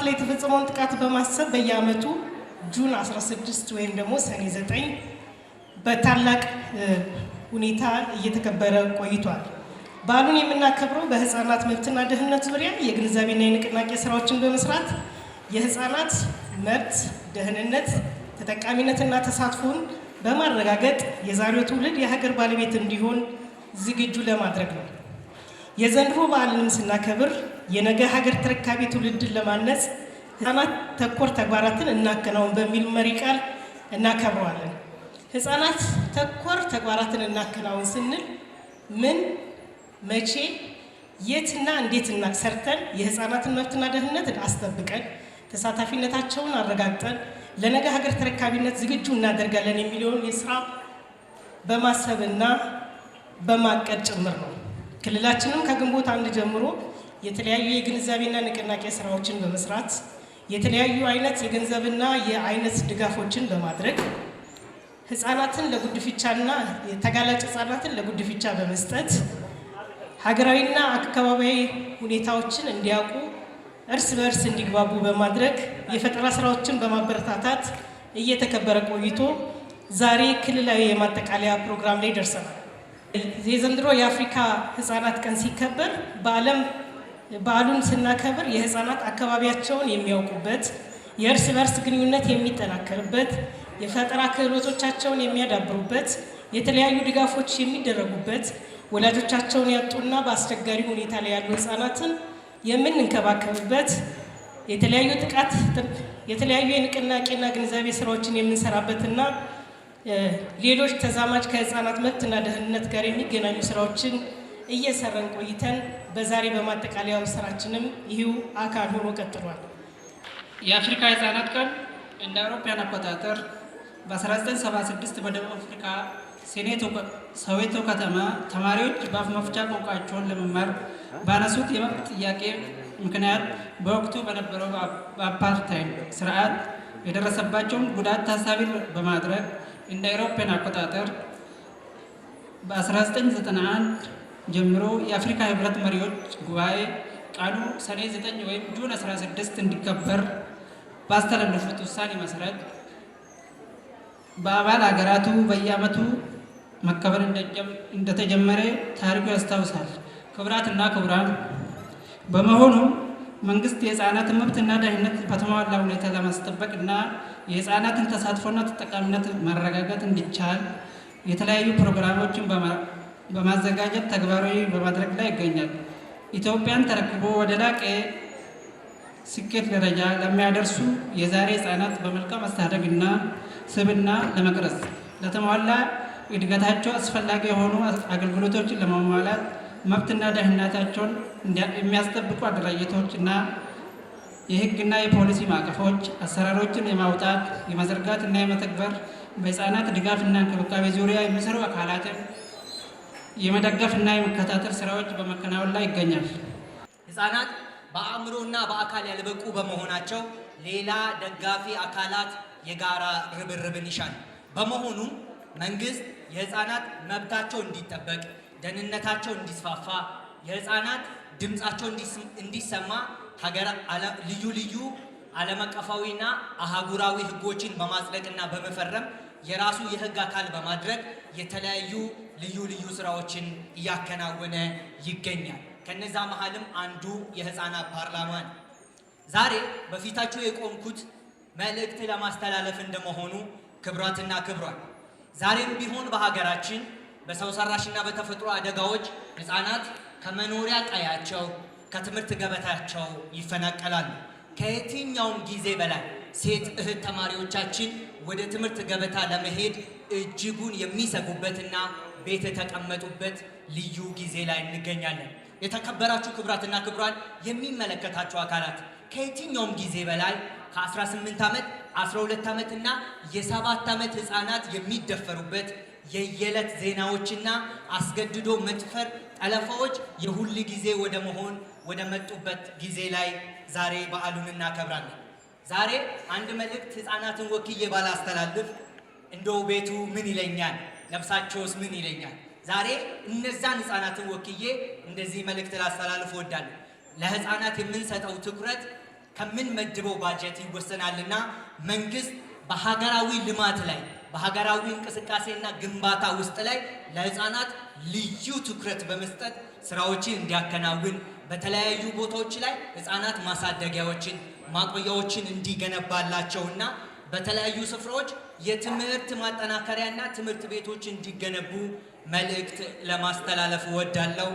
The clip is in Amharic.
ህጻናት ላይ የተፈጸመውን ጥቃት በማሰብ በየዓመቱ ጁን 16 ወይም ደግሞ ሰኔ 9 በታላቅ ሁኔታ እየተከበረ ቆይቷል። በዓሉን የምናከብረው በህፃናት መብትና ደህንነት ዙሪያ የግንዛቤና የንቅናቄ ስራዎችን በመስራት የህፃናት መብት፣ ደህንነት፣ ተጠቃሚነትና ተሳትፎን በማረጋገጥ የዛሬው ትውልድ የሀገር ባለቤት እንዲሆን ዝግጁ ለማድረግ ነው። የዘንድሮ በዓልንም ስናከብር የነገ ሀገር ተረካቢ ትውልድን ለማነጽ ህፃናት ተኮር ተግባራትን እናከናውን በሚል መሪ ቃል እናከብረዋለን። ህፃናት ተኮር ተግባራትን እናከናውን ስንል ምን፣ መቼ፣ የትና እንዴት ሰርተን የህፃናትን መብትና ደህንነት አስጠብቀን ተሳታፊነታቸውን አረጋግጠን ለነገ ሀገር ተረካቢነት ዝግጁ እናደርጋለን የሚለውን የስራ በማሰብና በማቀድ ጭምር ነው። ክልላችንም ከግንቦት አንድ ጀምሮ የተለያዩ የግንዛቤና ንቅናቄ ስራዎችን በመስራት የተለያዩ አይነት የገንዘብና የአይነት ድጋፎችን በማድረግ ህጻናትን ለጉድፍቻና የተጋላጭ ህጻናትን ለጉድፍቻ በመስጠት ሀገራዊና አካባቢያዊ ሁኔታዎችን እንዲያውቁ እርስ በእርስ እንዲግባቡ በማድረግ የፈጠራ ስራዎችን በማበረታታት እየተከበረ ቆይቶ ዛሬ ክልላዊ የማጠቃለያ ፕሮግራም ላይ ደርሰናል። የዘንድሮ የአፍሪካ ህጻናት ቀን ሲከበር በዓለም በዓሉን ስናከብር የህፃናት አካባቢያቸውን የሚያውቁበት፣ የእርስ በርስ ግንኙነት የሚጠናከርበት፣ የፈጠራ ክህሎቶቻቸውን የሚያዳብሩበት፣ የተለያዩ ድጋፎች የሚደረጉበት፣ ወላጆቻቸውን ያጡና በአስቸጋሪ ሁኔታ ላይ ያሉ ህፃናትን የምንንከባከብበት፣ የተለያዩ ጥቃት የተለያዩ የንቅናቄና ግንዛቤ ስራዎችን የምንሰራበትና ሌሎች ተዛማጅ ከህፃናት መብትና ደህንነት ጋር የሚገናኙ ስራዎችን እየሰራን ቆይተን በዛሬ በማጠቃለያው ስራችንም ይህው አካል ሆኖ ቀጥሏል። የአፍሪካ ህጻናት ቀን እንደ አውሮፓውያን አቆጣጠር በ1976 በደቡብ አፍሪካ ሶዌቶ ከተማ ተማሪዎች በአፍ መፍቻ ቋንቋቸውን ለመማር ባነሱት የመብት ጥያቄ ምክንያት በወቅቱ በነበረው በአፓርታይም ስርዓት የደረሰባቸውን ጉዳት ታሳቢ በማድረግ እንደ አውሮፓውያን አቆጣጠር በ1991 ጀምሮ የአፍሪካ ህብረት መሪዎች ጉባኤ ቀኑ ሰኔ 9 ወይም ጁን 16 እንዲከበር ባስተላለፉት ውሳኔ መሰረት በአባል ሀገራቱ በየዓመቱ መከበር እንደተጀመረ ታሪኩ ያስታውሳል። ክቡራትና ክቡራን፣ በመሆኑ መንግስት የህፃናትን መብትና ደህንነት በተሟላ ሁኔታ ለማስጠበቅ እና የህፃናትን ተሳትፎና ተጠቃሚነት ማረጋገጥ እንዲቻል የተለያዩ ፕሮግራሞችን በማዘጋጀት ተግባራዊ በማድረግ ላይ ይገኛል። ኢትዮጵያን ተረክቦ ወደ ላቀ ስኬት ደረጃ ለሚያደርሱ የዛሬ ህጻናት በመልካም አስተዳደግና ስብዕና ለመቅረጽ ለተሟላ እድገታቸው አስፈላጊ የሆኑ አገልግሎቶችን ለማሟላት መብትና ደህንነታቸውን የሚያስጠብቁ አደራጀቶች እና የህግና የፖሊሲ ማዕቀፎች አሰራሮችን የማውጣት የመዘርጋት እና የመተግበር በህፃናት ድጋፍና እንክብካቤ ዙሪያ የሚሰሩ አካላትን የመደገፍ እና የመከታተል ስራዎች በመከናወን ላይ ይገኛል። ህጻናት በአእምሮ እና በአካል ያልበቁ በመሆናቸው ሌላ ደጋፊ አካላት የጋራ ርብርብን ይሻል። በመሆኑ መንግስት የህፃናት መብታቸው እንዲጠበቅ፣ ደህንነታቸው እንዲስፋፋ፣ የህፃናት ድምፃቸው እንዲሰማ ሀገር ልዩ ልዩ ዓለም አቀፋዊና አህጉራዊ ህጎችን በማጽደቅና በመፈረም የራሱ የህግ አካል በማድረግ የተለያዩ ልዩ ልዩ ስራዎችን እያከናወነ ይገኛል። ከነዛ መሃልም አንዱ የህፃናት ፓርላማ ነው። ዛሬ በፊታችሁ የቆምኩት መልእክት ለማስተላለፍ እንደመሆኑ ክብራትና ክብሯል ዛሬም ቢሆን በሀገራችን በሰው ሰራሽና በተፈጥሮ አደጋዎች ህፃናት ከመኖሪያ ቀያቸው ከትምህርት ገበታቸው ይፈናቀላሉ ከየትኛውም ጊዜ በላይ ሴት እህት ተማሪዎቻችን ወደ ትምህርት ገበታ ለመሄድ እጅጉን የሚሰጉበትና ቤት የተቀመጡበት ልዩ ጊዜ ላይ እንገኛለን። የተከበራችሁ ክቡራትና ክቡራን፣ የሚመለከታችሁ አካላት ከየትኛውም ጊዜ በላይ ከ18 ዓመት 12 ዓመት እና የሰባት ዓመት ህፃናት የሚደፈሩበት የየዕለት ዜናዎችና አስገድዶ መድፈር ጠለፋዎች የሁል ጊዜ ወደ መሆን ወደ መጡበት ጊዜ ላይ ዛሬ በዓሉን እናከብራለን። ዛሬ አንድ መልእክት ህፃናትን ወክዬ ባላስተላልፍ እንደው ቤቱ ምን ይለኛል፣ ነፍሳቸውስ ምን ይለኛል? ዛሬ እነዛን ህፃናትን ወክዬ እንደዚህ መልእክት ላስተላልፍ እወዳለሁ። ለህፃናት የምንሰጠው ትኩረት ከምንመድበው ባጀት ይወሰናልና መንግስት በሀገራዊ ልማት ላይ በሀገራዊ እንቅስቃሴና ግንባታ ውስጥ ላይ ለህፃናት ልዩ ትኩረት በመስጠት ስራዎችን እንዲያከናውን በተለያዩ ቦታዎች ላይ ህፃናት ማሳደጊያዎችን ማቆያዎችን እንዲገነባላቸውና በተለያዩ ስፍራዎች የትምህርት ማጠናከሪያና ትምህርት ቤቶች እንዲገነቡ መልእክት ለማስተላለፍ እወዳለሁ።